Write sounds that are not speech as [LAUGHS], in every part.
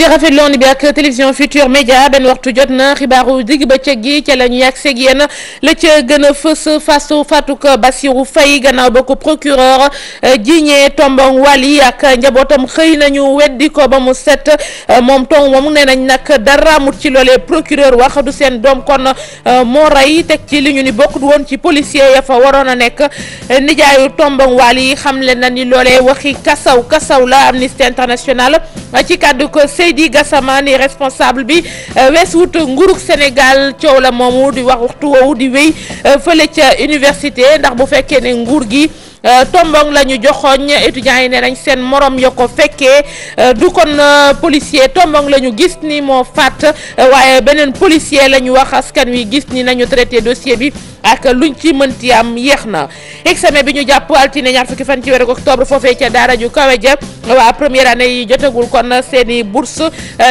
di rafetloon bi ak télévision Futur Média benn waxtu jot na xibaaru digg bëccëg gi ca la ñu yàgg seeg yéen la ca gën a fës fasu fatuk Bassirou Faye gannaaw ba ko procureur jiiñee eh, tombong yi ak njabootam xëy nañu weddiko ba mu set eh, moom tong moom nee nañ nag dara ci loolee procureur wax du seen doom kon eh, moo rey teg ci li ñu ni bokkut woon ci policier ya fa waroon a nekk nijaayu tombong yi xam leen na ni loolee waxi kasaw kasaw la Amnesty International ci kàddu ko Seydi Gassama ni responsable bi euh, wees wut nguurug Sénégal coow la moomu di wax waxtu woowu di wéy euh, fële ca université ndax bu fekkee ne nguur gi Euh, tombong la ñu joxoñ étudiants yi ne nañ seen morom ya ko fekkee euh, du kon euh, policier tombong la ñu gis ni moo faat waaye beneen policier la ñu wax askan wi gis ni nañu traité dossier bi ak luñ ci mënti am yéex na examen bi ñu jàpp altine ñaar fukki fan ci weeru octobre foofee ca daara ju kawe ja waa première année yi jotagul kon seeni bourse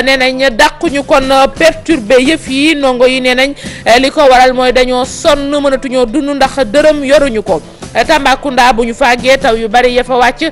nee nañ dàquñu kon perturbé yëf yi ndongo yi nee nañ li ko waral mooy dañoo sonn mënatuñoo dund ndax dërëm yoruñu ko Eh, Tambacounda bu ñu faagee taw yu bari ya fa wàcc eh,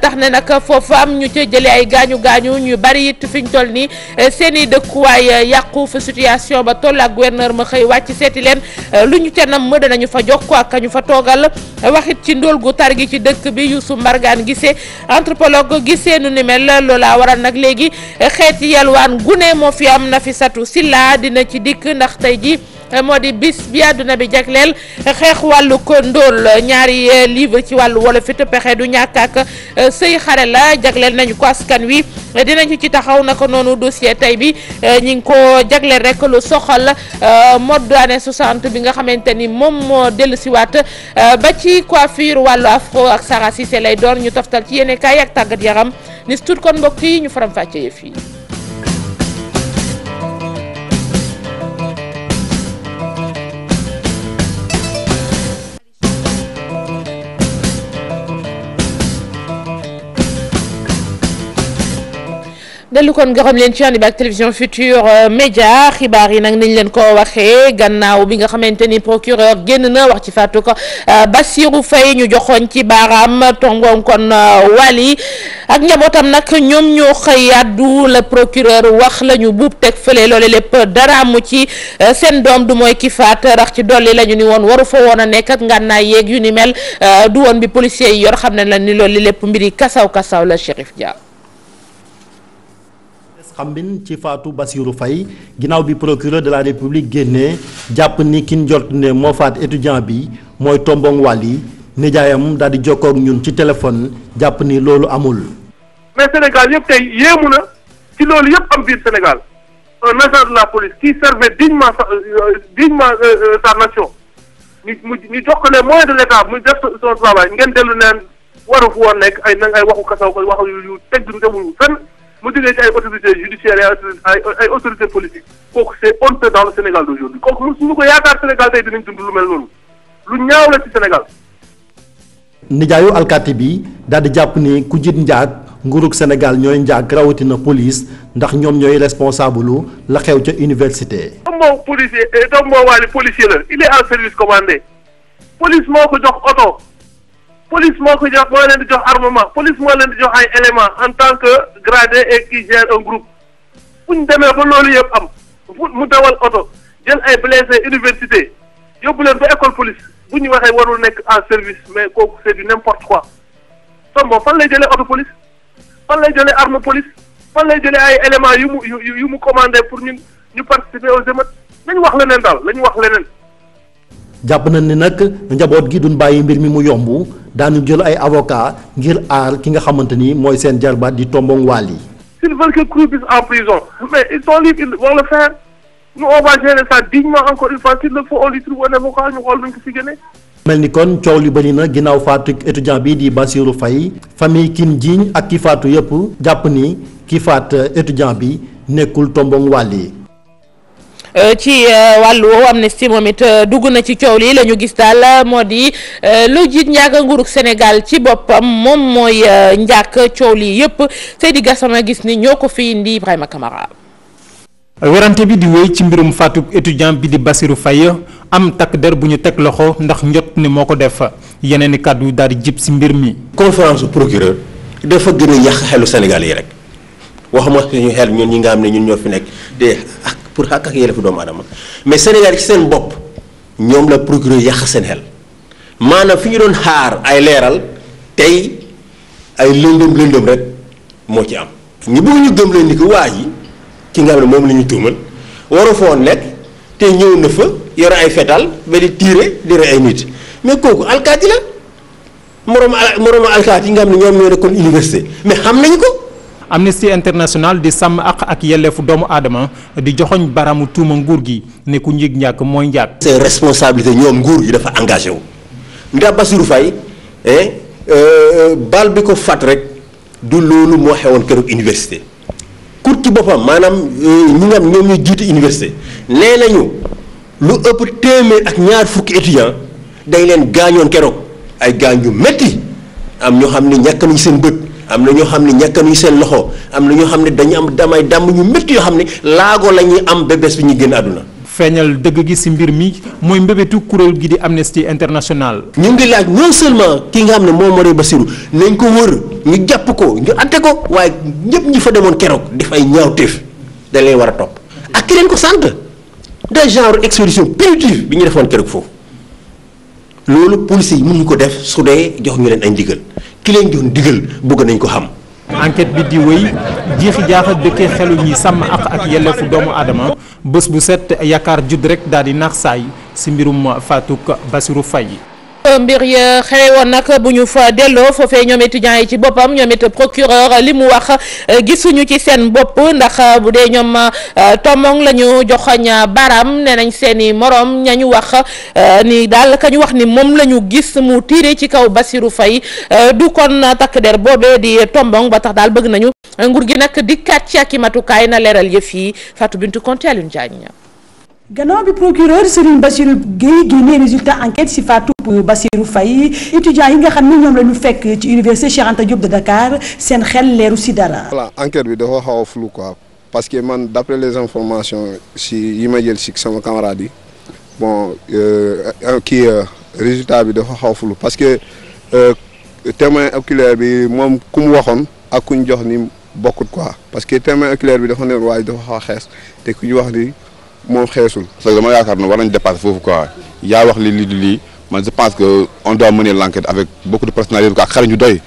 tax ne nag foofu am ñu ca jëlee ay gaañu gaañu ñu bari it fi ñu toll nii eh, seen dëkkuwaay yàqu fa situation ba toll ak gouverneur ma xëy wàcc seeti leen lu ñu ca nam danañu fa jokkoo ak ñu fa toogal waxit ci ndóol gu tar gi ci dëkk bi Youssou mbargaan gisee anthropologue gisee nu ni mel loola waral nag léegi xeeti yalwaan gune moo fi am na fi Nafissatou Sylla dina ci dikk ndax tey ji moo di bis bi àdduna bi jagleel xeex wàllu ko ndóol ñaari eh, livre ci wàllu wolof it pexe du ñàkk ak eh, sëy xare la jagleel nañu ko askan wi dinañu ci taxaw naka noonu dossier tey bi eh, ñu ngi ko jagleel rek lu soxal mode année 60 bi nga xamante ni moom moo dellu siwaat ba ci coiffure wàllu afro ak Sara Cissé lay doon ñu toftal ci yéene kaay ak tàggat yaram ni si kon mbokk yi ñu faram fii dellu kon nga xam leen ci ànd bi ak télévision Futur euh, Média xibaar yi nag nañ leen ko waxee gannaaw bi nga xamante ni procureur génn na wax ci fàttu ko euh, Bassirou Faye ñu joxoon ci baaraam tongoon kon euh, Wali ak njabootam nag ñoom ñoo xëy addu la procureur wax lañu ñu buub teg fële loole lépp dara mu ci seen doom du mooy ki faat rax ci dolli la ñu ni woon waru fa woon a nekk ak ngànnaay yu ni mel du woon bi policier yi yor xam na la ni loolu lépp mbiri kasaw kasaw la Chérif Dia. xambin ci faatu Bassirou Faye ginaaw bi procureur de la république génnee jàpp ni kin jot ne moo faat étudiant bi mooy tombong wàlli nijaayam daal di jokkook ñun ci téléphone jàpp ni loolu amul. mais Sénégal yëpp tey yéemu na ci loolu yëpp am biir Sénégal un agent de la police qui servait dignement sa euh, dignement euh, euh, nation ñu ñu jox ko les moyens de l'état mu def son travail ngeen dellu neen waru fu woon nekk ay na ay waxu kasaw ko yu teg du demul mu jógee ci ay autorités judiciaires ay ay autorités politiques kooku c'est honteux dans le Sénégal d'aujourd'hui suñu ko yaakaar Sénégal tey dinañ dund lu mel noonu lu ñaaw la ci Sénégal. nijaayu alkaati bi daal di jàpp ni ku jiit njaag nguurug Sénégal ñooy njaag rawatina police ndax ñoom ñooy responsable lu la xew ca université. doom boobu policier eh, doom boobu waa policier la il en service commandé police moo ko jox oto. police moo ko jox moo leen di jox armement police moo leen jox ay éléments en tant que gradé et qui gère un groupe fu ñu demee ba loolu yëpp am mu dawal oto jël ay blessé université yóbbu leen ba école police bu ñu waxee warul nekk en service mais kooku c'est du n'importe quoi sombo fan lay jëlee oto police fan lay jëlee arme police fan lay jëlee ay éléments yu mu yu yu mu commandé pour ñun ñu participer aux émeutes lañu wax leneen daal lañu wax leneen. jàpp nañ ni nag njaboot gi duñ bàyyi mbir mi mu yomb. daanu jël ay avocat ngir aar ki nga xamante ni mooy seen jarbaat di tombong waal yi. s'ils veulent que Crou puisse en prison mais ils sont libres ils vont le faire nous on trouve avocat ñu xool nuñ ko si génne. mel ni kon coow li bëri na ginnaaw faatu étudiant bi di Bassirou Faye famille kiin jiiñ ak ki faatu yëpp jàpp ni ki faat étudiant bi nekkul tombong waal yi. Euh, ci euh, wàllu woowu Amnesty moom it euh, dugg na ci coow lii lañu gis daal moo di lu jiit njàkk nguurug Sénégal ci boppam moom mooy njaak coow lii yëpp Seydi Gassama gis ni ñoo ko fi indi Ibrahima Camara. werante bi di wéy ci mbirum faatu étudiant bi di Bassirou Faye am takk der bu ñu teg loxo ndax njot ni moo ko def yeneen i kàddu daal di jib si mbir mi. conférence procureur dafa gën a xelu Sénégal yi rek. waxuma suñu xel ñun ñi nga xam ne ñun ñoo fi nekk te pour xàq ak yelleefu doomu aadama mais Sénégal ci seen bopp ñoom la procureur yàq seen xel maanaam fi ñu doon xaar ay leeral tey ay lëndëm lëndëm rek moo ci am. ñu bugg ñu gëm leen ni ko waa yi ki nga xam ne moom la ñu tuumal waru foo nekk te ñëw na fa yore ay fetal ba di tiire di rey ay nit mais kooku alkaati la moroom al moroom alkaati yi nga xam ne ñoom ñoo nekkoon université mais xam nañu ko. Amnesty International di sàmm àq ak yelleefu doomu aadama di joxoñ baramu tuuma nguur gi ne ku njig ñàkk mooy njàkk. c'est responsabilité ñoom nguur yi dafa engagé wu ndax Bassirou Faye eh, euh, bal bi ko fat rek du loolu moo xewoon keroog université kur ci boppam maanaam euh, ñi nga ñoom ñu jiitu université nee nañu lu ëpp téeméer ak ñaar fukki étudiants dañ leen gaañoon keroog ay gaañ yu metti am ñoo xam ne ñàkk nañu seen bët. am na ñoo xam ne ñàkkanuñ seen loxo am na ñoo xam ne dañu am damay dàmm ñu métti yoo xam ne laago la ñuy am ba bés bi ñu génn àdduna. feeñal dëgg gi ci mbir mi mooy mbébétu kuréel gi di Amnesty International. ñu ngi laaj non seulement ki nga xam ne moom Moriba Bassirou nañ ko wër ñu jàpp ko ñu atte ko waaye ñëpp ñi fa demoon keroog def ñaaw ñaawteef da leen war a topp ak ki leen ko sant de genre expédition punitive bi ñu defoon keroog foofu loolu police yi mënuñu ko def su dee jox ñu leen ay ndigal. ki leen doon digal bëgg nañ ko xam. enquête bi di wéy jiixi jaaxa dëkkee xelu ñi sàmm ak ak yelleefu doomu aadama bés bu set yaakaar judd rek daal di naax saay si mbirum Fatou Bassirou Faye mbir ya xewe woon nag bu ñu fa delloo foofee ñoom étudiants yi ci boppam ñoom it procureur li mu wax euh, gisuñu ci seen bopp ndax euh, bu dee ñoom euh, tomong lañu ñu joxoñ baram nee nañ seen i morom ñañu wax ni daal ka ñu wax ni moom lañu gis mu tiire ci kaw Bassirou Faye du kon takk der boobee di tombong ba tax daal bëgg nañu nguur gi nag dikkaat ci ak i matukaay na leeral yëf yi Fatou Bintou Conté Alioune Diagne gannaaw bi procureur Serigne Bassirou Gueye génnee résultat enquête si faatu Bassirou Faye étudiants yi nga xam ne ñoom la fekk ci université Cheikh Anta de Dakar seen xel leeru si dara. voilà enquête bi dafa xaw a flou parce que man d' les informations si yi ma jël si sama camarade yi bon euh, kii euh, bi dafa xaw a flou parce que euh, témoin oculaire bi moom ku mu waxoon ak ku ñu jox ni bokkut quoi parce que témoin oculaire bi dafa ne waaye dafa xaw a xees te ku wax ni. moo xeesul parce ma yaakaar na war nañ dépasser foofu quoi yaa wax li li di lii man je pense que on doit mener l'enquête avec beaucoup de personnalité ak xarañ yu doy.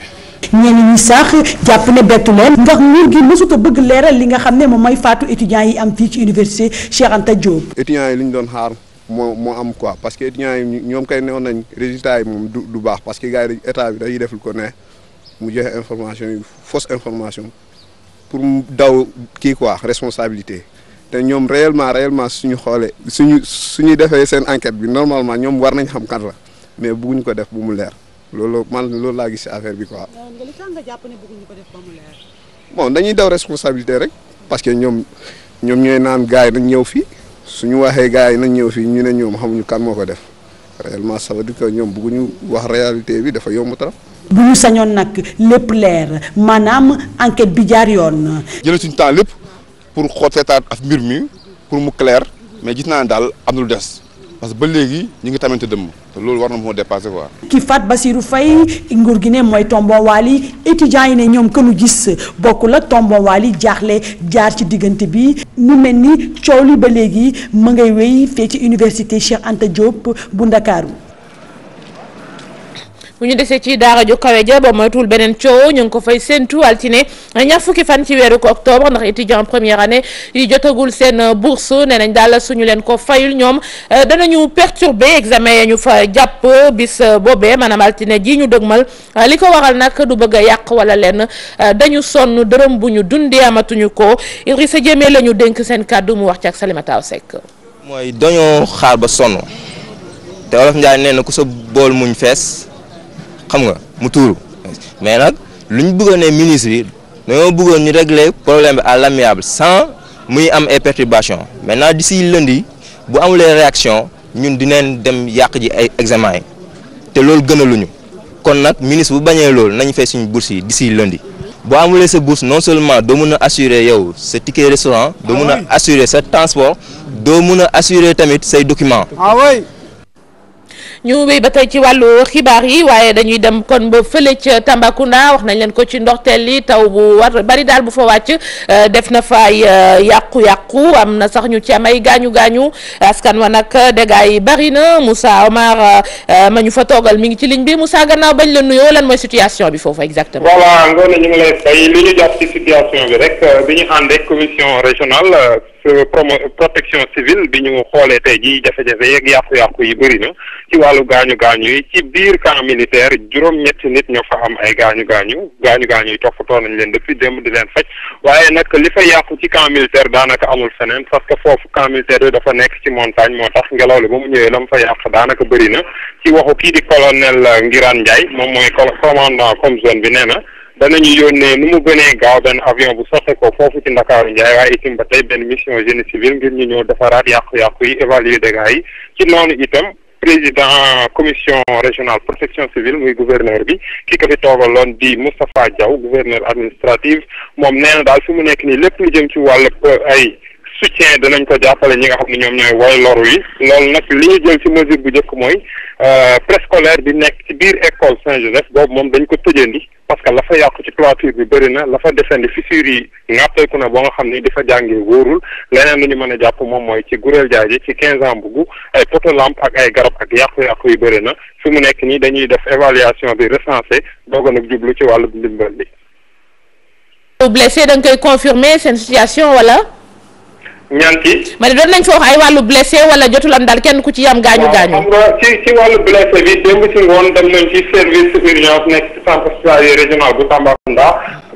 ñenn ñi sax jàpp ne bettu leen. ndax nguur gi mësut bëgg leeral li nga xam ne moom mooy faatu étudiants yi am fii ci université Cheikh Anta Diop. étudiants yi li ñu doon xaar moo moo am quoi parce que étudiants yi ñoom kay newoon nañ résultat yi moom du baax parce que gars yi état bi dañuy def lu ko ne mu joxe information yi fausse information pour mu daw kii quoi responsabilité. te ñoom réellement réellement suñu xoolee suñu suñuy defee seen enquête bi normalement ñoom war nañ xam kan la mais bëgguñ ko def bu mu leer loolu man loolu laa gis ci affaire bi quoi. li tax nga jàpp ne def responsabilité rek parce que ñoom ñoom ñooy naan gars yi nañ ñëw fii suñu waxee gars yi nañ ñëw fii ñu ne ñoom xamuñu kan moo ko def réellement ça veut dire ñoom bëgguñu wax réalité bi dafa yomb trop. bu ñu sañoon nag lépp leer maanaam enquête bi jaar yoon. jëlee suñu temps lépp. pour xool seetaat ak mbir mi pour mu clair mais gis naa ne daal am na des parce que ba léegi ñu ngi tamante dëmm te loolu war na moo dépassé quoi. ki faat Basirou fay nguur gi ne mooy tomboowaal yi étudiants yi ne ñoom kënu gis bokkul ak tomboowaal yi jaaxle jaar ci diggante bi mu mel ni coow li ba léegi ma ngay wéy fee ci université Cheikh Anta Diop bu Ndakaaru bu ñu desee ci daara ju kawe ja ba moytuwul beneen coow ñu ngi ko fay séentu altine ñaar fukki fan ci weeru ko octobre ndax étudiant première année yi jotagul seen bourse nee nañ daal suñu leen ko fayul ñoom euh, danañu perturber examen ya ñu fa jàpp bis boobee maanaam altine ji ñu mal euh, li ko waral nag du bëgg a yàq wala lenn euh, dañu sonn dërëm bu ñu dundee amatuñu ko Idrissa Diémé la ñu dénk seen kàddu mu wax ci ak Salimata Seck mooy dañoo xaar ba sonn te xam nga mu tuuru mais nag lu ñu ne ministre yi dañoo bëggoon ñu régler problème bi à l'amiable sans muy am ay perturbations maintenant d'ici lundi bu amulee réaction ñun dinañ dem yàq ji ay examen yi te loolu gënaluñu kon nag ministre bu bañee loolu nañu fay suñu bourse yi d'ici lundi. boo amulee sa bourse non seulement doo mun a assurer yow sa ticket restaurant. doo mun a ah assurer sa transport. doo mun a assurer tamit say document ah ñu wéy ba tey ci wàllu xibaar yi waaye dañuy dem kon ba fële ca Tambacounda wax nañ leen ko ci ndoxteel li taw bu war bari daal bu fa wàcc euh, def na fa ay euh, yàqu-yàqu am na sax ñu ci am ay gaañu gaañu askan wa nag euh, dégâts yi bari na Moussa Omar ma ñu fa toogal mi ngi ci ligne bi Moussa gannaaw bañ la nuyoo lan mooy situation bi foofu exactement. voilà ngoone ñu ngi lay fay li ñu jàpp ci situation bi rek bi ñu ànd ak commission régionale. promo protection civile bi ñu xoolee tey jii jafe-jafe yeeg yàqu-yàqu yi bëri na ci wàllu gaañu gaañu yi ci biir camp militaire juróom-ñetti nit ñoo fa am ay gaañu gaañu gaañu gaañu yi toppatoo nañ leen depuis dem di leen faj waaye nag li fa yàqu ci camp militaire daanaka amul feneen parce que foofu camp militaire yi dafa nekk ci montagne moo tax ngelaw li ba mu ñëwee la mu fa yàq daanaka bëri na ci waxu kii di colonel Ngiraan Ndiaye moom mooy commandant comme zone bi nee na. ñu yónnee nu mu gënee gaaw benn avion bu soxe ko foofu ci Ndakaaru Ndiaye waaye itam ba tey benn mission génie civil ngir ñu ñëw defaraat yàqu-yàqu yi évaluer dégâts yi ci noonu itam président commission régional protection civile muy gouverneur bi ki ko fi toogaloon di Moustapha Diaw gouverneur administratif moom nee na daal fi mu nekk nii lépp lu jëm ci wàll euh, ay soutien danañ ko jàppale ñi nga xam ne ñoom ñooy woy loru yi loolu nag li ñu jël ci mesure bu njëkk mooy euh, préscolaire bi nekk ci biir école Saint-Joseph boobu moom dañ ko tëjandi parce que la fa yàqu ci clôture bi bëri na la fa desandi fissure yi ngàppeeku na ba nga xam ni di fa jàngee wóorul leneen lu ñu mën a jàpp moom mooy ci Gurel Jaaje ci quinze ans bugu ay poto ak ay garab ak yàqu-yàqu yu bëri na fi mu nekk nii dañuy def évaluation bi recensé doog a nag jublu ci wàllu ndimbal bi. ñanti ma ne doon nañ fa wax ay wàllu blessé wala jotul daal kenn ku ci yam gaañu gaañu xam nga ci ci wàllu blessé bi démb ci ngoon dem nañ ci service urgence nekk ci centre hospitalier régional bu Tambacounda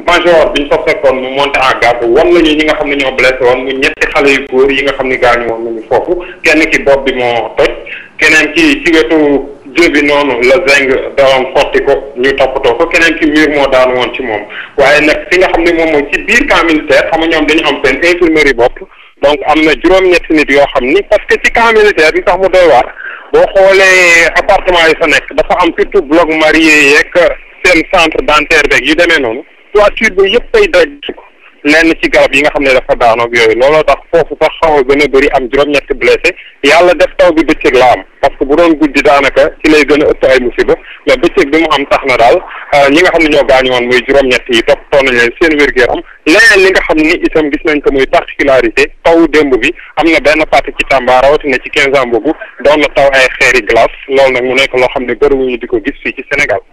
major bi ñu fa fekkoon mu monté en garde wan la ñi nga xam ne ñoo blessé woon mu ñetti xale yu góor yi nga xam ne gaañu woon nañu foofu kenn ki bopp bi moo toj keneen ki ci wetu jóbi noonu la zeng doon xotti ko ñu toppatoo ko keneen ki mur moo daan woon ci moom waaye nag fi nga xam ne moom mooy ci biir camp militaire ñoom dañu am seen infirmerie bopp donc am na juróom-ñetti nit yoo xam ni parce que ci camp militaire yi tax mu doy waar boo xoolee appartement yi fa nekk dafa am surtout bloc yi yeeg seen centre dentaire beeg yu demee noonu toiture bi yëpp tay daj lenn ci garab yi nga xam ne dafa daanoog yooyu looloo tax foofu sax xaw a gën a bëri am juróom-ñetti blessé yàlla def taw bi bëccëg la am parce que bu doon guddi daanaka ci lay gën a ëpp ay musiba mais bëccëg bi mu am tax na daal euh, ñi nga xam ne ñoo gaañu woon muy juróom-ñett yi toppatoo nañ leen seen wér gu am leneen li nga xam ni itam gis nañ ko muy particularité taw démb bi am na benn partie ci Tamba rawatina ci quinze ans boobu doon na taw ay xeeri glace loolu nag mu nekk loo xam ne bëriwuñu di ko gis fii ci Sénégal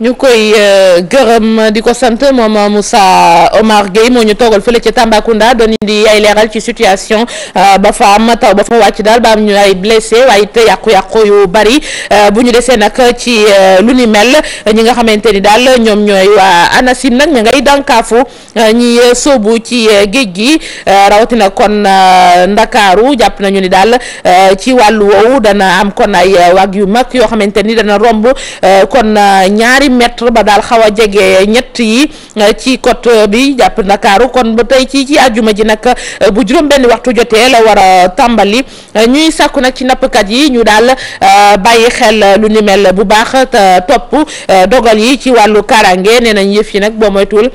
ñu koy euh, gërëm di ko sant moom Moussa Omar Gueye moo ñu toogal fële ca Tambacounda doon di ay leeral ci situation euh, ba fa am taw ba fa wàcc daal ba am ñu ay blessé waaye it yàqu-yàqu yu bari euh, bu ñu desee nag ci lu ni mel ñi nga xamante ni daal ñoom ñooy waa ANACIM nag ña ngay dànkaafu ñi sóobu ci géej gi rawatina kon Ndakaaru jàpp nañu ni daal ci wàllu woowu dana am kon ay waag yu mag yoo xamante ni dana romb kon ñaari. ñaari mètre ba daal xaw a jege ñett yi euh, ci cot bi jàpp Ndakaaru kon ba tey ci ci àjjuma ji nag euh, bu juróom benn waxtu jotee la war a tàmbali euh, ñuy sàkku nag ci nappkat yi ñu daal bàyyi xel lu ni mel bu baax te topp dogal yi ci wàllu kaaraange nee nañ yëf yi nag boo moytuwul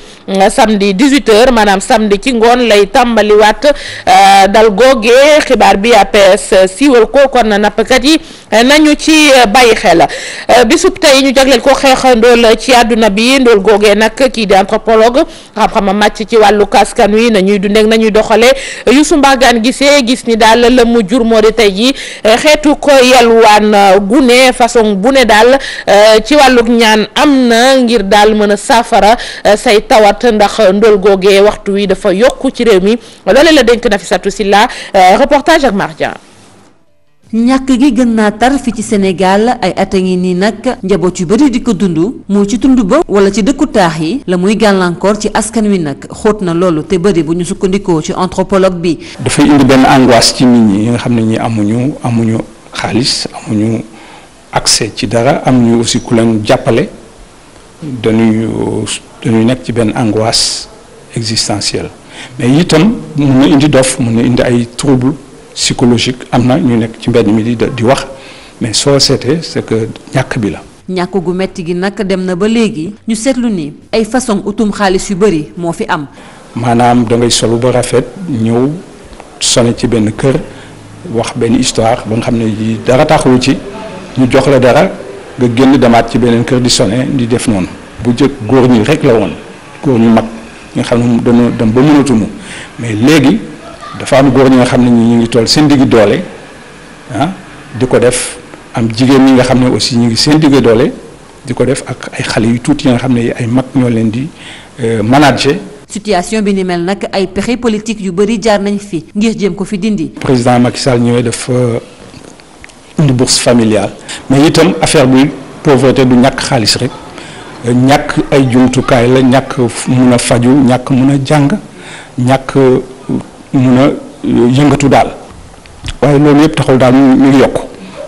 samedi 18h maanaam samedi ci ngoon lay tàmbali tàmbaliwaat dal googe xibaar bi APS siiwal ko kon nappkat yi nañu ci bàyyi xel bisub tey ñu jagleel ko xeexandu ndóol ci àdduna bi ndóol googee nag kii di anthropologue xam-xama màcc ci wàllu kaskan wi nañuy dundeek nañuy doxalee Youssou Mbargane gisee gis ni daal la mu jur moo tey ji eh, xeetu ko yalwaan eh, gune façon bu ne daal eh, ci wàlluk ñaan am na ngir daal mën a saafara say tawat ndax ndóol googee waxtu wi dafa yokk ci réew mi loole la dénk Nafissatou Silla reportage ak Marjan ñàkk gi gën naa tar ci Sénégal ay at a ngi nii nag njaboot yu bari di ko dund mu ci tund ba wala ci dëkku taax yi la muy gàllankoor ci askan wi nag xóot na loolu te bari bu ñu sukkandikoo ci anthropologue bi. dafay indi benn angoisse ci nit ñi nga xam ne ñi amuñu amuñu xaalis amuñu accès ci dara amuñu aussi ku leen jàppale dañuy nekk ci benn angoisse existentielle mais itam mun na indi dof mun na indi ay trouble psychologique am na ñu nekk ci mbedd mi di di wax mais soo seetee c'est que ñàkk bi la. ñàkk gu metti gi nag dem na ba léegi. ñu seetlu ni ay façon utum xaalis yu bëri moo fi am. maanaam da ngay solu ba rafet ñëw sone ci benn kër wax benn histoire ba nga xam ne ji dara taxul ci ñu jox la dara nga génn demaat ci beneen kër di sone di def noonu. bu jëkk góor ñi rek la woon góor ñu mag nga xam ne dana dem ba mënatuñu mais léegi. dafa am góor ñi nga xam ne ñu ngi toll seen diggi doole ah di ko def am jigéen mi nga xam ne aussi ñu ngi seen diggi doole di ko def ak ay xale yu tuuti yi nga xam ne ay mag ñoo leen di euh, manager. situation bi ni mel nag ay pexe politique yu bëri jaar nañ fi ngir jéem ko fi dindi. président Macky Sall def dafa euh, indi bourse familiale mais itam affaire bi pauvreté du ñàkk xaalis rek ñàkk ay jumtukaay la ñàkk mun a faju ñàkk mun a jàng ñàkk. mun a yëngatu daal waaye loolu yëpp taxul daal mi ngi yokk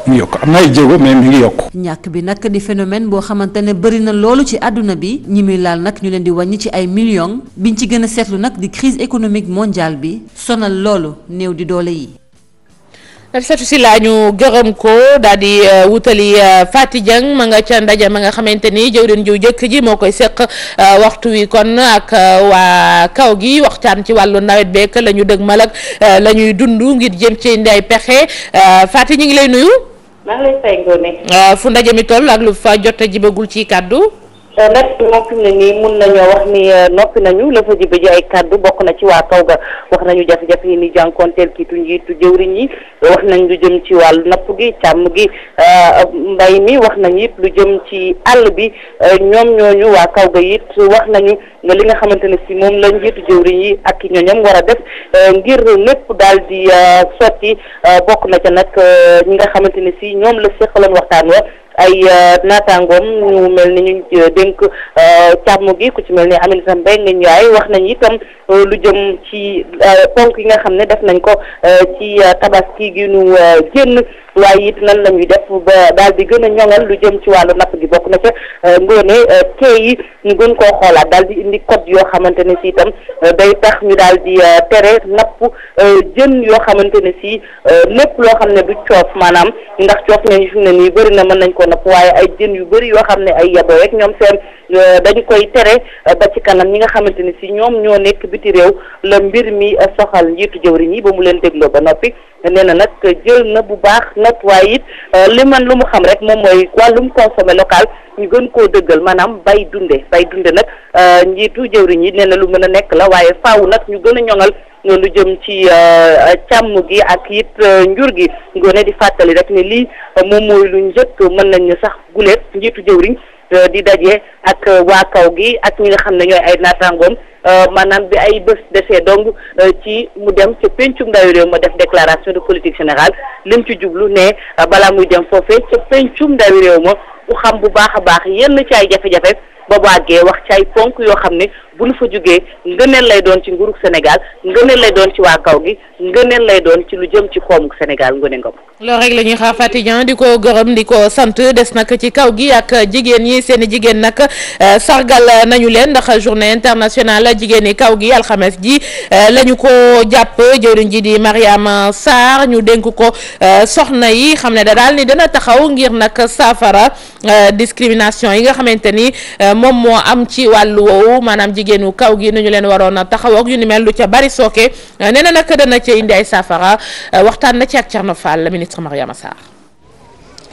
mu ngi yokk am na ay mais mi ngi yokk ñàkk bi nag di phénomène boo xamante ne bëri na loolu ci àdduna bi ñi muy laal nag ñu leen di wàññi ci ay millions biñ ci gën a seetlu nag di crise économique mondiale bi sonal loolu néew di doole yi Nafissatou Sylla ñu gërëm ko daal di euh, wutali euh, faati Dieng ma ca ndaje ma nga xamante ni jëwriñ jiw jëkk ji moo koy seq euh, waxtu wi kon ak waa kaw gi waxtaan ci wàllu nawet beek lañu ñu dëgmal ak la ñuy dund ngir jëm ci indi ay pexe Faty ñu ngi lay nuyu. fu ndaje mi toll ak lu fa jot a jibagul ci kàddu. Euh, nag moom fi mu ne nii mun nañoo wax ni euh, noppi nañu la fa jibe ji ay kàddu bokk na ci waa kaw ga wax nañu jafe-jafe yi ni jànkonteel kiitu njiitu jëwriñ yi wax nañ lu jëm ci wàllu napp gi càmm gi euh, mbay mi wax nañ it lu jëm ci àll bi ñoom ñoo ñu waa kaw ga it wax nañu li nga xamante ne si moom la njiitu jëwriñ yi ak ñooñam war a def ngir lépp daal di sotti bokk na ca nag ñi nga xamante ne si ñoom la seqaloon waxtaan wa ay euh, naataangoom ñu mel ni ñu euh, dénk euh, càmm gi ku ci mel ni Aminata Mbengue Ndiaye wax nañ itam lu jëm ci ponk yi nga xam ne def nañ ko ci tabaski ki ñu génn waaye it nan la ñuy def ba daal di gën a ñoŋal lu jëm ci wàllu napp gi bokk na ca euh, ngoone euh, tey yi ñu gën koo xoolaat daal di indi code yoo xamante ne si itam euh, day tax ñu daal di tere napp jën yoo xamante ne si lépp loo xam ne du coof maanaam ndax coof nañu fi mu ne nii bëri na mën nañ koo napp waaye ay jën yu bari yoo xam ne ay yaboo rek ñoom seen dañ koy tere ba ci kanam ñi nga xamante ne si ñoom ñoo nekk biti réew la mbir mi soxal njiitu jëwriñ yi ba mu leen dégloo ba noppi nee na nag jël na bu baax waaye it euh, li man lu mu xam rek moom mooy wàllum consommé local ñu gën koo dëggal maanaam bay dunde bay dunde nag euh, njiitu jëwriñ yi nee na lu mën a nekk la waaye faaw nag ñu gën a ñoŋal lu jëm ci euh, càmm gi ak it njur gi ngoone di fàttali rek ne lii moom mooy lu njëkk mën nañu sax guleet njiitu jëwriñ Euh, di daje ak euh, waa kaw gi ak ñi nga xam ne ñooy ay naataangoom euh, maanaam bi ay bés desee donc ci mu dem ca pencum ndawi réew ma def déclaration de politique générale lim ci jublu ne balaa muy dem foofee ca pencum ndawi réew ma u xam bu baax a baax yenn ci ay jafe-jafe ba bu wax ci ay ponk yoo xam ne bu nu fa jógee ngëneel lay doon ci nguurug Sénégal ngëneel lay doon ci waa kaw gi ngëneel lay doon ci lu jëm ci koomug Sénégal ngone ngom loolu rek la ñuy xaar Faty Niang di ko gërëm di ko sant des nag ci kaw gi ak jigéen ñi seen i jigéen nag euh, sargal nañu leen ndax journée internationale jigéen yi kaw gi alxames ji euh, la ñu ko jàpp jëwriñ ji di Mariama Sarr ñu dénk ko euh, soxna yi xam ne da ni dana taxaw ngir nag saafara discrimination yi nga xamante ni moom moo am ci wàllu woowu jigéenu kaw gi nañu leen waroon a taxaw ak yu ni mel lu ca bari sooke nee na nag dana ci indi ay saafara waxtaan na ci ak Thierno Fall la ministre Mariama Sarr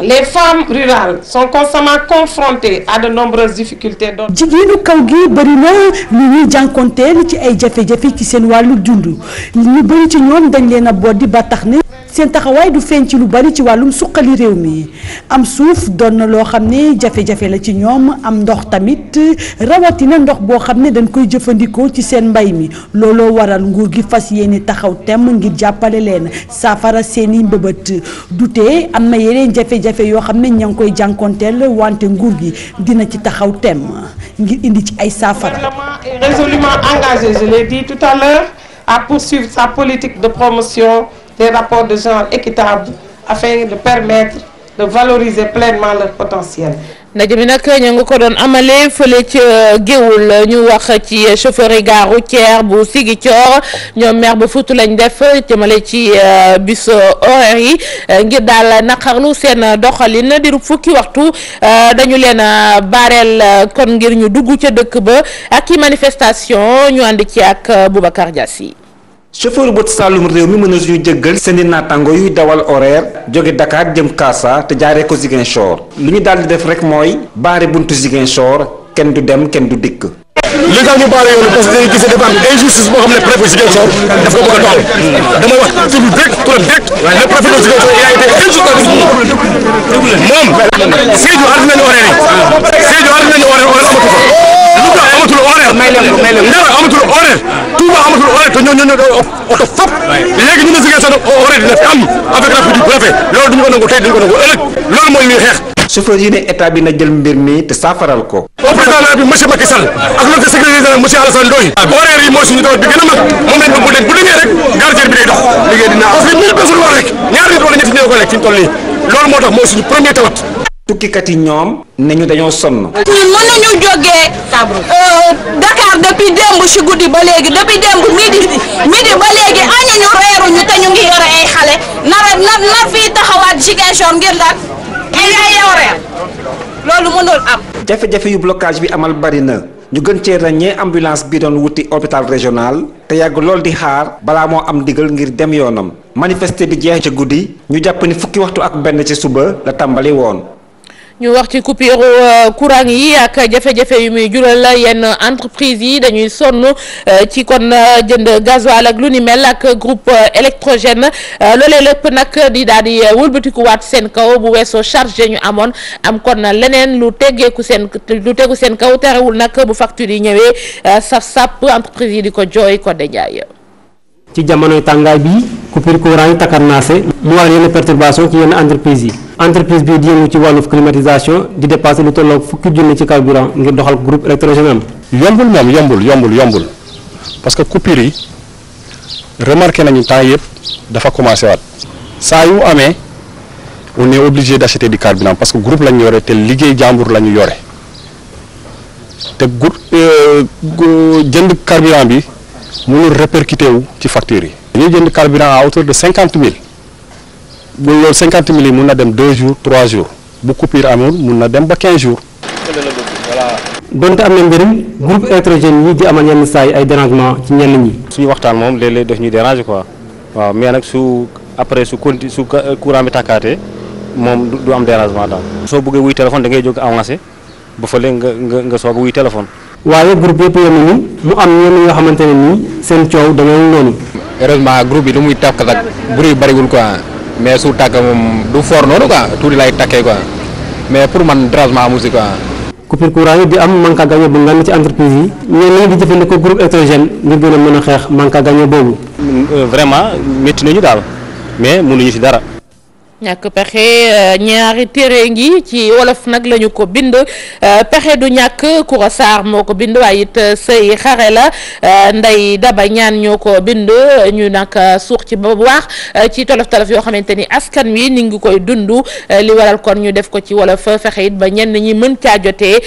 les femmes rurales sont constamment confrontées à de nombreuses difficultés. jigéenu kaw gi bëri na lu ñuy jànkonteel ci ay jafe-jafe ci seen wàllu dund ñu bëri ci ñoom dañ leen a boddi ba tax ne seen taxawaay du feeñ ci lu bari ci wàllum suqali réew mi am suuf doon na loo xam ne jafe-jafe la ci ñoom am ndox tamit rawatina ndox boo xam ne dañ koy jëfandikoo ci seen mbay mi looloo waral nguur gi fas yéene taxaw temm ngir jàppale leen saafara seeni mbëbët du tee am jafe-jafe jafe yoo xam ne ña ngi koy jànkonteel wante nguur gi dina ci taxaw temm ngir indi ci ay saafara. gouvernement est résolument engagé je l'ai dit tout à l'heure à poursuivre sa politique de promotion des rapports de genre équitables afin de permettre de valoriser pleinement leur potentiel. ndaje mi nag ñu nga ko doon amale fële ci euh, géwul ñu wax ci euh, chauffeur yi gare routière bu Ziguinchor ñoom maire ba futu lañ def jëmale ci euh, bus horaire yi ngir daal naqarlu seen doxalin diru fukki waxtu dañu leen baareel kon ngir ñu dugg ca dëkk ba ak ki manifestation ñu ànd ci ak Boubacar yi chauffeur bët Saalum réew mi mën a suñu jëggal seeni naataango yuy dawal horaire jóge Dakar jëm Kaasa te jaaree ko Ziguinchor lu ñu daal di def rek mooy baare buntu Ziguinchor kenn du dem kenn du dikk. li tax ñu baare yoon parce que dañuy gis dafa ko bëgg a dama wax tur bi direct pour direct. le préfet de Ziguinchor il a été yi. na doon léegi ñu ne Ziguinchor nag already dina fi am du préfet loolu duñu ko nangu tey duñu ko nangu loolu mooy ñuy xeex chauffeur yi ne état bi na jël mbir mi te saafaral ko au président de la République monsieur Macky yi mooy suñu dawat bi gën a mag moom lañ bëgg leen bu liggéey rek gardien bi day dox liggéey dina parce que mille personnes war rek ñaar nit wala ñetti nii loolu moo tax mooy suñu premier tawat tukkikat yi ñoom nañu dañoo sonn. ñun mënuñu jógee euh, Dakar depuis démb ci guddi ba léegi depuis démb midi ba léegi añuñu reeruñu te ñu ngi yore ay xale nar nar nar fii taxawaat Ziguinchor ngir lan ay ay yow loolu mënul am. jafe-jafe yu blocage bi amal bari na ñu gën cee ràññee ambulance bi doon wuti hôpital régional te yàgg lool di xaar balaa moo am digal ngir dem yoonam manifeste bi jeex ca guddi ñu jàpp ni fukki waxtu ak benn ci suba la tàmbali woon. ñu wax ci coupure euh, courant yi ak jafe-jafe yu muy jural yenn entreprise yi dañuy sonn euh, ci kon euh, jënd gasoil ak lu ni mel ak groupe électrogène loolee lépp nag di daal di wëlbatikuwaat seen kaw bu weesoo charge ñu amoon am kon leneen lu teggeeku seen lu tegu seen kaw terewul nag bu facture yi ñëwee saf sàpp entreprise yi di ko jooy ko de ci jamonoy tàngaay bi coupure courant yi takarnaase mu waral yenn perturbation ci yenn entreprise yi entreprise bii di yëngu ci wàllu climatisation di dépassé lu tolloog fukki junni ci carburant ngir doxal groupe électrogène yombul moom yombul yombul yombul parce que coupure yi remarqué nañu temps yëpp dafa commencé waat saa yu amee on ne obligé d'acheter di carburant parce que groupe lañu yore te liggéey jàmbur la ñu yore te euh, jënd carburant bi mënul répercuté wu ci factures yi. dañuy jënd carburant à de cinquante mille bu loolu cinquante mille yi mun na dem deux jours trois jours bu coupure amul mun na dem ba quinze jours. donte am na mbëri groupe électrogène yi di amal yenn saa yi ay dérangement ci ñenn ñi. suñu waxtaan moom léeg-léeg def ñuy déranger quoi waaw mais nag su après su conti su euh, courant bi tàkkaatee moom du am dérangement daal. soo bëggee wuy téléphone da ngay jóg avancé ba fële nga nga nga soog wuy téléphone. waaye groupe yëpp yemuñu mu am ñenn ñoo xamante ne nii seen coow demeewul noonu. heureusement groupe yi lu muy tàkk nag bruit yi bëriwul quoi mais su tàkk moom du fort noonu quoi tuuti lay takkee quoi mais pour man dérangement amu si quoi. coupure courant yi di am manque à gagner bu ngan ci entreprise yi. ñenn ñi di jëfandikoo groupe électrogène ngir gën a mën a xeex manque à gagner boobu. Euh, vraiment métti nañu daal mais mënuñu si dara. ñàkk pexe euh, ñaari téere ngi ci wolof nag lañu ko bind euh, pexe du ñàkk Koura moo ko bind waaye it euh, sëy xare la Ndeye Daba ñaan ñoo ko bind ñu nag suux ci ba bu baax ci tolof tolof yoo xamante ni askan wi ni ngi koy dund li waral kon ñu def ko ci wolof fexe it ba ñenn ñi mën caa jotee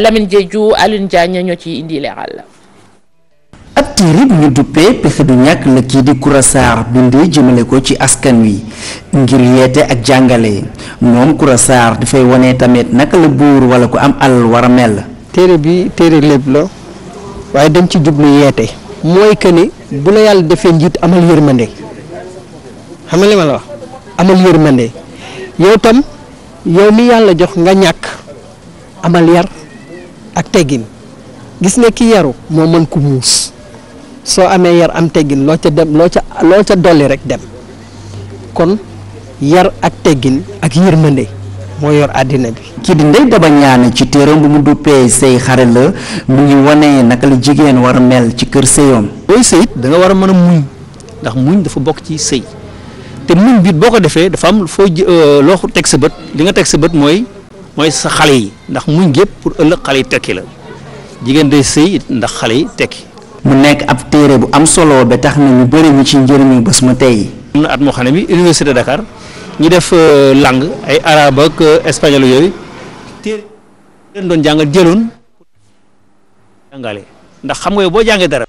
Lamine alin Alioune Diagne ñoo ci indi leeral. ab téere ñu duppee pexe du ñàkk la kii di Koura bindee jëmale ko ci askan wi ngir yeete ak jàngale moom Koura Sarr dafay wane tamit naka la buur wala ko am alal war a mel. téere bi téere lépp la waaye ci jublu mooy que ne bu yàlla defee njiit amal yërmande xam nga li ma la wax amal yow tam yow mi yàlla jox nga ñàkk amal yar ak teggin gis nga ki yaru moo mën ku muus. soo amee yar am teggin loo ca dem loo ca ca dolli rek dem kon yar ak teggin ak yërmande moo yor àddina bi. kii di Ndeye Daba Niane ci téeram bu mu duppee sëy xare la mu ngi wane naka la jigéen war a mel ci kër sëyoom. booy sëyit danga war a mën a muñ ndax muñ dafa bokk ci sëy te muñ biit boo ko defee dafa am foo euh, loo teg sa bët li nga teg sa bët mooy mooy sa xale yi ndax muñ gépp pour ëllëg xale yi tekki la jigéen day sëy ndax xale yi tekki. mu nekk ab téere bu am solo ba tax na bëri ñu ci njëriñu ba suma tey. am na at moo xam ne bi université Dakar ñu def euh, langue ay arabe ak euh, espagnol yooyu téere leen doon jàngal jëloon jàngale ndax xam nga boo jàngee dara.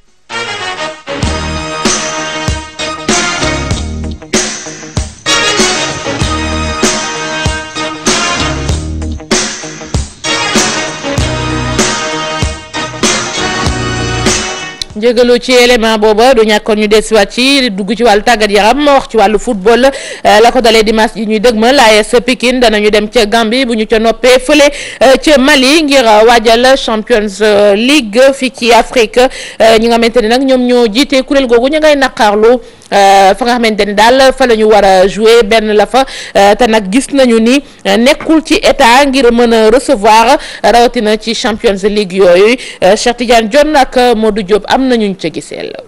jégalu ci élément booba du ñàkkoon ñu desiwaat ci dugg ci wàllu tàggat yaram ma wax ci wàllu football euh, la ko dalee dimanche ji ñuy dëgmal AS Pikine danañu dem ca Gambie bu ñu ca noppee fële euh, ca Mali ngir waajal Champions euh, League fii ci Afrique ñi nga xamante ni nag ñoom ñoo jiitee kuréel googu ñu ngay naqarlu Euh, fa nga xamante ni daal fa la ñu war a jouer benn la fa euh, te nag gis nañu ni euh, nekkul ci état ngir mën a recevoir rawatina ci Champions League yooyu Cheikh Tidiane Dione ak Modou Diop am nañu ñu ca la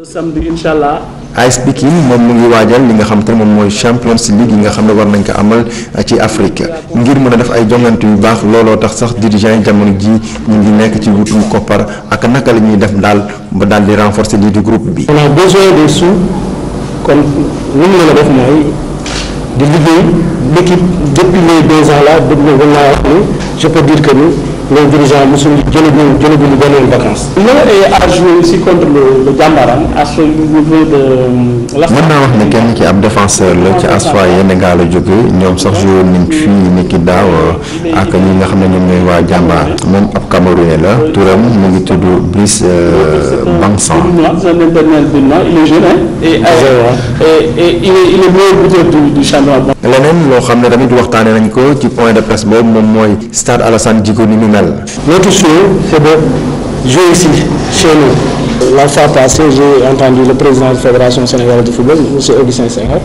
le samedi incha allah. AS Pikine moom mu ngi waajal li nga xam te moom mooy Champions League yi nga xam ne war nañ ko amal uh, ci Afrique ngir mën a def ay jongante yu baax looloo tax sax dirigeant yi jamono ji ñu ngi nekk ci wutum koppar ak naka la ñuy def daal ba daal di renforcer lii du bi. on a besoin des sous comme li ñu mën a def mooy di liggéey l'équipe depuis les deux ans là dégg nga mën naa wax ni les dirigeants mosul jëlaguñu jëlaguñu benn yoon mën naa wax ne kenn ci ab défenseur la ci ASFA yenn gaa la jógee ñoom sax joué nañ fi ni daaw euh, ak ñi nga xam ne ñoom ñooy waa Jambaar moom ab Camerounais la turam mu ngi tudd Brice euh, Bangsan. un international béninois il est jeune et il leneen loo xam ne tamit waxtaanee nañ ko ci point de presse boobu moom mooy stade Alassane Djigo ni mu personnel. L'autre chose, c'est de jouer La fois passée, j'ai entendu le président de Fédération sénégalaise de football, M. Augustin Senghor,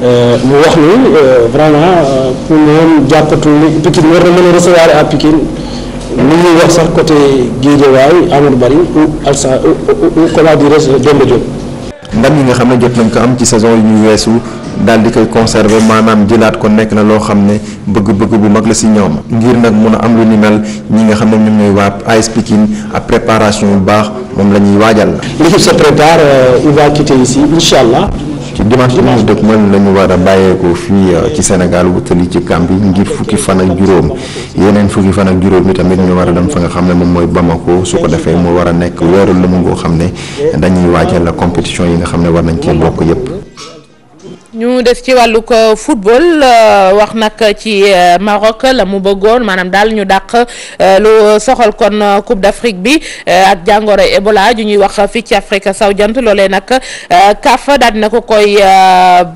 euh, mu wax ni euh, vraiment euh, pour ñoom jàppatul ni Pikine war na mën a recevoir à Pikine ni ñuy wax sax côté Guédiawaye Amadou Bari ou Alsa ou comment dirais-je Demba Diop. ndam yi nga xam ne jot nañ ko am ci saison yu ñu weesu. daal di koy conserver maanaam jëlaat ko nekk na loo xam ne bëgg-bëgg bu mag la si ñoom ngir nag mun a am lu ni mel ñi nga xam ne ñoom ñooy waa AS Pikine ak préparation bu baax moom la ñuy waajal. l'équipe se prépare euh, il va quitter ici incha allah. ci dimanche dimanche dëkk mën la ñu war a bàyyeekoo fii euh, ci Sénégal wutali ci camp bi ngir fukki fan ak juróom yeneen fukki fan ak juróom yi tamit ñu war a dem fa nga xam ne moom mooy Bamako su ko defee mu war a nekk weeru lëmm goo xam ne dañuy waajal la compétition yi nga xam ne war nañ cee bokk yépp ñu des ci wàllug football euh, wax nag ci euh, Maroc la mu bëggoon maanaam daal ñu dàq euh, lu soxal kon Coupe d'Afrique bi ak jàngoro Ebola ju ñuy wax fii ci Afrique saw jant loolee nag CAF daal ko koy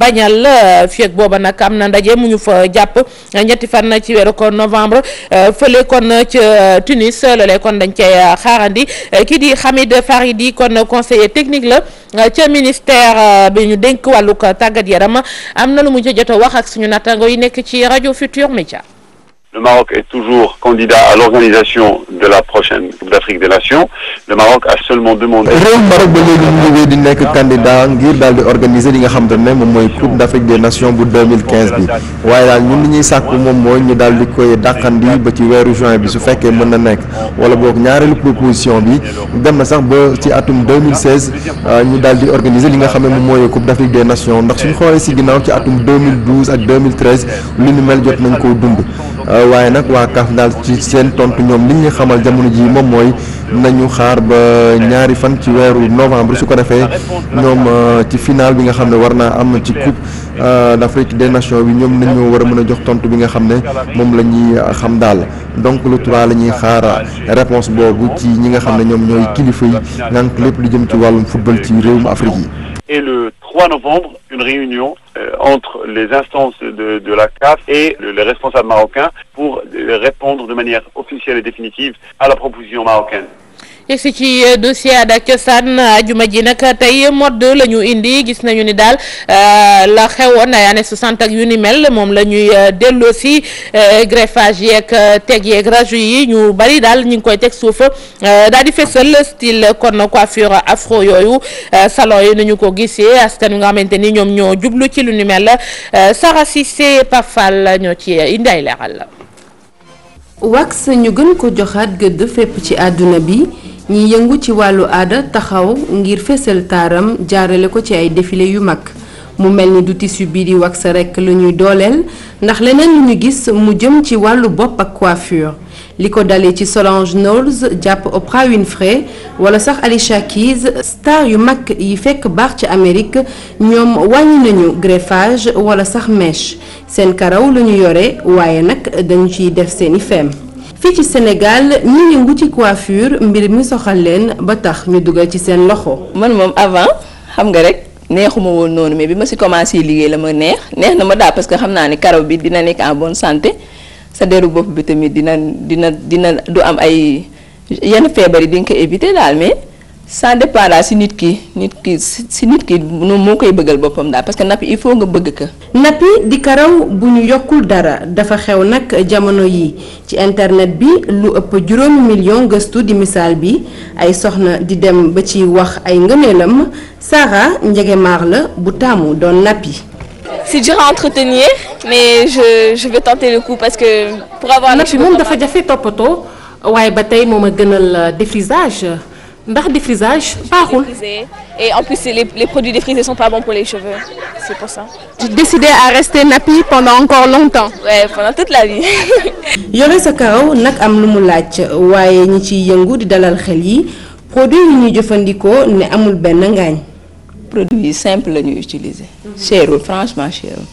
bañal fii ak booba nag am na ndaje mu ñu fa jàpp ñetti fan ci weeru kon novembre fële kon ca Tunis loolee kon dañ cay xaarandi kii di Hamid Faridi kon conseiller technique la ca ministère bi ñu dénk wàllug tàggat yaram. ma am na lu mu jot a wax ak suñu nattango yi nekk ci rajo Futur Média Le Maroc est toujours candidat à l'organisation de la prochaine Coupe d'Afrique des Nations. Le Maroc a seulement demandé. réew Maroc ba ngi daal di organiser li nga xam te ne moom mooy Coupe d'Afrique des bu 2015 bi waaye daal ñun li ñuy sàkku moom mooy ñu daal di koy dàqandi su fekkee mën na nekk wala boog ñaareelu proposition bi dem na sax ba ci atum 2016 euh, ñu daal di organiser nga xam ne moom mooy Coupe d'Afrique des Nations ndax suñu xoolee si ginnaaw ci atum 2012 ak lu ni mel jot nañ koo dund. Euh, waaye nag waa CAF daal ci seen tontu ñoom li ñu xamal jamono ji moom mooy nañu xaar ba ñaari fan ci weeru novembre su ko defee ñoom euh, ci final bi nga xam ne war naa am ci coupe euh, d'Afrique des nations bi ñoom nañu war a mën a jox tontu bi nga xam ne moom la ñuy xam daal donc le 3 la ñuy xaar réponse boobu ci ñi nga xam ne ñoom ñooy kilifa yi ngànk lépp lu jëm ci wàllum football ci réewum Afrique yi. 3 novembre une réunion euh, entre les instances de, la CAF et le, les responsables marocains pour euh, répondre de manière officielle et définitive à la proposition marocaine. yegsi ci euh, dossier aada ak cosaan ajuma ji nag tey modd la ñu indi gis nañu ni daal euh, la xewoon ay années sant ak yu ni mel moom la ñuy euh, delloo si greffage yeeg teg yeeg raju yi ñu bari daal ñu ngi koy teg suuf daal di fésal style kon coiffure afro yooyu salon yi nañu ko gisee askan wi nga xamante ni ñoom ñoo jublu ci lu ni mel Sara Cissé Pafal ñoo ci indi ay leeral wax ñu gën ko joxaat gëdd fépp ci àdduna bi ñi yëngu ci wàllu aada taxaw ngir fesal taaram jaarale ko ci ay defile yu mag mu mel ni du tissu bii di wax rekk la ñuy dooleel ndax leneen lu ñu gis mu jëm ci wàllu bopp ak coiffure li ko dalee ci Solange Knowles jàpp Oprah Winfrey wala sax Alicia Keys star yu mag yi fekk baax ci Amérique ñoom wàññi nañu greffage wala sax mèche seen karaw lañu yore waaye nag dañu ciy def seeni feem fii ci Sénégal ñi ngi wuti coiffure mbir mi soxal leen ba tax ñu dugal ci seen loxo. man moom avant xam nga rek neexuma woon noonu mais bi ma si commencé liggéey la ma neex neex na ma daal parce que xam naa ni karaw bi dina nekk en bon santé sa deru bopp bi tamit dina dina dina du am ay yenn feebar yi di nga ko éviter daal mais. sans dépendre si nit ki nit ki si nit ki moo koy bëggal boppam daal parce que napp il faut nga bëgg ka nappi di karaw bu ñu yokkul dara dafa xew nag jamono yi ci internet bi lu ëpp juróomi million gëstu di misaal bi ay soxna di dem ba ci wax ay ngëneelam Sarah njegemaar la bu taamu doon nappi. c'est dur à entretenir mais je je vais tenter le coup parce que pour avoir. nappi moom dafa jafe toppatoo waaye ba tey moom a gënal défrisage. ndax défrisage baaxul. et en plus les les produits défrisés sont pas bons pour les cheveux décidé à rester nappy pendant encore longtemps. ouais pendant toute [LAUGHS] sa karaw nag am lu mu laaj waaye ñi ciy yëngu di dalal xel yi produit yi ñuy jëfandikoo ne amul benn ngaañ. produit yi simple la ñuy utiliser. cherul franchement cherul.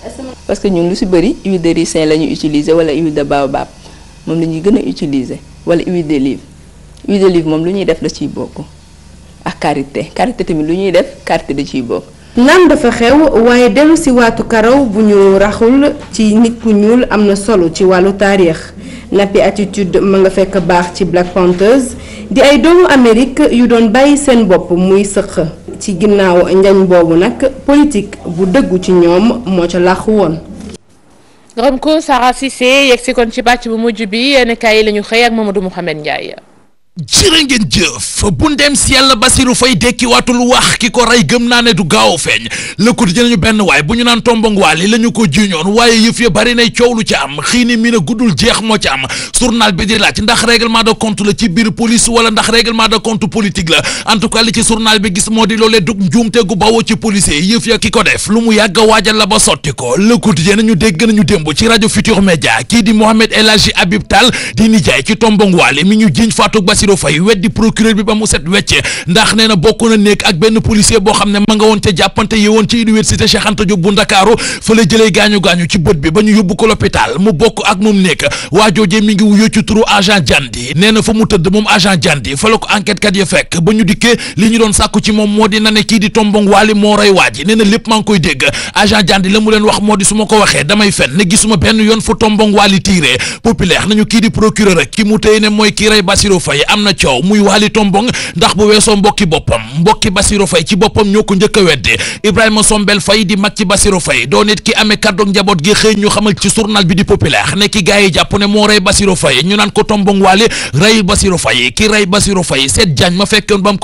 parce que ñoom lu si bëri huile de ricin la ñuy utiliser wala huile de baobab moom la ñuy gën a utiliser wala huile d'olive huile d'olive moom lu ñuy def da ciy bokk ak karité lu ñuy def karité da ciy bokk. lan dafa xew waaye dellu si waatu karaw bu ñu raxul ci nit ku ñuul am na solo ci wàllu taarix nappi attitude ma nga fekk baax ci Black Panthers di ay doomu Amérique yu doon bàyyi seen bopp muy sëq ci ginnaaw njañ boobu nag politique bu dëggu ci ñoom moo ca làqu woon. gërëm ko Sara se yegg si kon ci bàcc bu mujj bi yenn kaay yi la ñu xëy ak Mamadou Mouhamed Ndiaye. jërë ngeen jëf bu ndem si yàlla Basiru Fay dekkiwaatul wax ki ko rey gëm naa ne du gaaw feeñ le quotidien nañu benn waay bu ñu naan tombongwaal yi la ñu ko jiñoon waaye yëf ya bari coow lu ci am xii ni guddul jeex moo ci am journal bi di laaj ndax règlement de compte la ci biir police wala ndax règlement de compte politique la en li ci journal bi gis moo di loolee dug njuumte gu bawoo ci policier yëf ya ki ko def lu mu yàgg a waajal la ba Bassirou Faye weddi procureur bi ba mu set wecce ndax nee na bokk na nekk ak benn policier boo xam ne ma nga woon ca jàppante yi woon ci université Cheikh Anta Diop bu Ndakaaru fa la jëlee gaañu-gaañu ci bët bi ba ñu yóbbu ko l'hôpital mu bokk ak moom nekk waa joojee mi ngi wuyoo ci turu agent Diandi nee na fa mu tëdd moom agent Diandi fa la ko enquête kat ya fekk ba ñu dikkee li ñu doon sàkku ci moom moo di na ne kii di tombong waali moo rey waa ji nee na lépp maa ngi koy dégg agent Diandi la mu leen wax moo di su ko waxee damay fen ne gisuma benn yoon fu tombong waali tiiree populaire nañu kii di procureur ak ki mu tey ne mooy kii rey Bassirou Faye am na coow muy waali tombong ndax bu weesoo mbokki boppam mbokki Basirou fay ci boppam ñoo ko njëkk a Ibrahima Sombel fay di mag ci Basirou Faye doo nit ki amee kàddoog njaboot gi xëy ñu xamal ci journal bi di populaire ne ki gars yi jàpp ne moo rey Basirou Faye ñu naan ko tombong waali rey Basirou Faye ki rey Basirou Faye seet jaañ ma fekkoon ba mu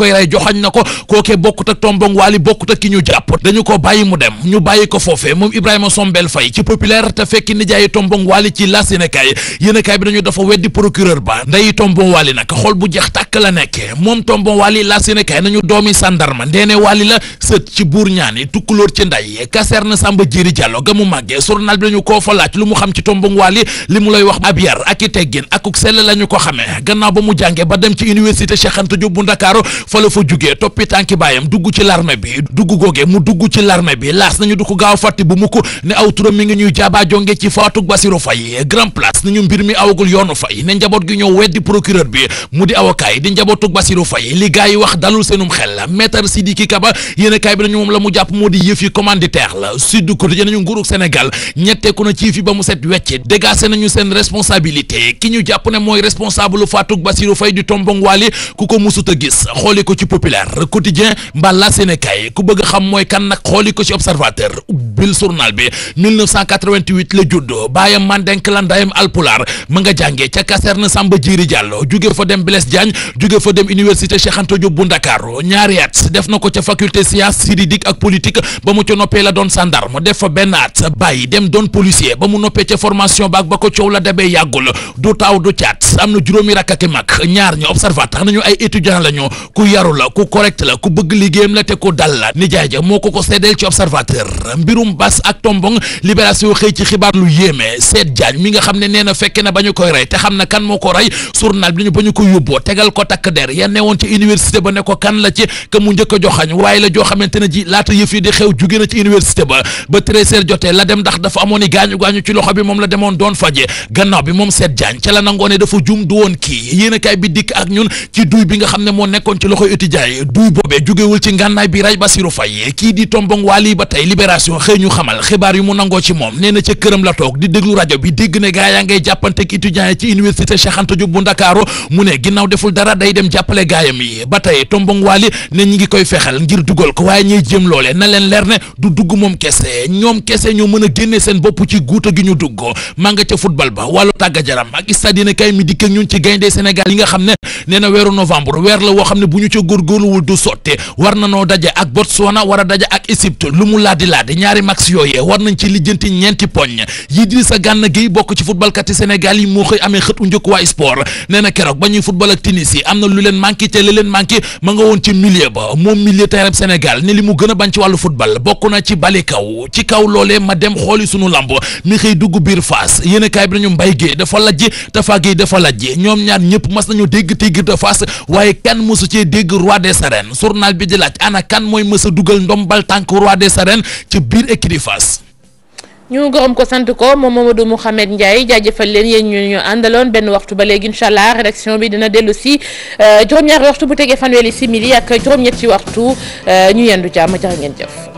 na ko kookee bokkut ak tombong waali bokkut ak ki ñu jàpp dañu ko bàyyi mu dem ñu bàyyi ko foofee moom Ibrahima Sombel Faye ci populaire te fekki nijaayi tombong waali ci las yéenekaay yéenekaay bi dañu dafa weddi procureur ba nday tombong waali nag xool xol bu jeex tàkk la nekkee moom tombon wàlli la Sénégal nañu doomi sandarma ndeene wàlli la sët ci buur ñaani tukkulóor ci nday kaserne Samba Jéeri Jàllo ga mu màggee journal bi lañu koo fa laaj lu xam ci tombon wàlli li mu lay wax ab yar ak i teggin akuk sell la ñu ko xamee gannaaw ba mu jàngee ba dem ci université Cheikh Anta Diop bu Ndakaaru fa la fa jugee toppi tànki baayam dugg ci l'armée bi dugg googee mu dugg ci l'armée bi laas nañu du ko gaaw fàtti bu mukk ne aw turam mi ngi ñuy jaabaa jonge ci faatuk mi awagul yoonu fay ne njaboot boobu di avocat yi di njabootug Bassirou Faye li gars wax dalul seenum xel maître Sidiki Kaba yéen kaay bi nañu moom la mu jàpp moo di yëf yi commanditaire la Sud Quotidien nañu nguurug Sénégal ñetteeku na ci yëf ba mu set wecc dégagé nañu seen responsabilité ki ñu jàpp ne mooy responsable lu faatug Bassirou Faye di tombong waali ku ko musut a gis xooli ko ci populaire quotidien mbaa la Sénégal ku bëgg xam mooy kan xooli ko ci observateur bil journal bi 1988 la Blaise Diagne jóge fa dem université Cheikh Anta Diop bu Ndakaaru ñaari at def ba mu ca noppee la doon sandarme def fa benn at bàyyi dem doon policier ba mu noppee ca formation baak ba ko coow la dabee yàggul du taaw du caat am na juróomi rakk ak mag ñaar correct la ku bëgg liggéeyam la te ku dal la nijaay ja moo ko ko seddeel ci observateur mbirum bas ak tombong libération xëy ci xibaar lu yéeme seet jaañ mi nga xam ne nee fekke na ba ñu koy rey te xam na kan moo ko rey journal bi ñu ba ñu ko yóbbu mbubboo tegal ko takk der ya newoon ci université ba ne ko kan la ci ka mu njëkk a joxañ waaye la joo xamante ne ji laata yëf yi di xew jóge na ci université ba ba treize heures jotee la dem ndax dafa amoon i gaañu-gaañu ci loxo bi moom la demoon doon faje gannaaw bi moom seet jaañ ca la nangoo ne dafa jum du woon kii yéen a kaay bi dikk ak ñun ci duy bi nga xam ne moo nekkoon ci loxoy étudiant yi duy boobee jógewul ci ngànnaay bi raj ba tey libération xëy moom nee na ca këram la toog di déglu rajo bi dégg ne gaa yaa ngay jàppante ak étudiant yi gannaaw deful dara day dem jàppale gaayam yi ba tey tombong waali ne ñi ngi koy fexel ngir dugal ko waaye ñuy jéem loole na leen leer ne du dugg moom kese ñoom kese ñoo mën a génne seen bopp ci guuta gi ñu dugg maa nga ca futbal ba wàllu tàgga jaram ak stade yéen kay mi dikk ak ñun ci gaynde Sénégal yi nga xam ne nee na weeru novembre weer la woo xam ne bu ñu ca góorgóorluwul du sotte war na noo daje ak Botswana war a daje ak Égypte lu mu laadi laadi ñaari max yooyee war nañ ci lijjanti ñeenti poñ yi di sa gànn gi bokk ci football kat yi Sénégal yi moo xëy amee xët u njëkk waa na keroog Sénégal ak Tunisie am na lu leen manqué te li leen manqué ma nga woon ci milieu ba moom milieu terrain Sénégal ne li mu gën a bañ ci wàllu football bokk na ci bale kaw ci kaw loolee ma dem xooli sunu lamb mi xëy dugg biir Fass yéen kaay bi nañu mbay gee dafa lajj Tafa Gueye dafa lajj ñoom ñaar ñëpp mas nañu dégg Tigre de Fass waaye kan mosu cee dégg roi des arènes journal bi di laaj ana kan mooy mës a dugal ndombal tànk roi des arènes ci biir écurie Fass ñu gërëm ko sant ko moom Mamadou Mouhamed Ndiaye jaajëfal leen yéen ñu ñu àndaloon benn waxtu ba léegi incha allah rédaction bi dina dellu si euh, juróom-ñaari waxtu bu tegee fanweeri simili ak juróom-ñetti waxtu euh, ñu yendu jàmm jërë ngeen jëf.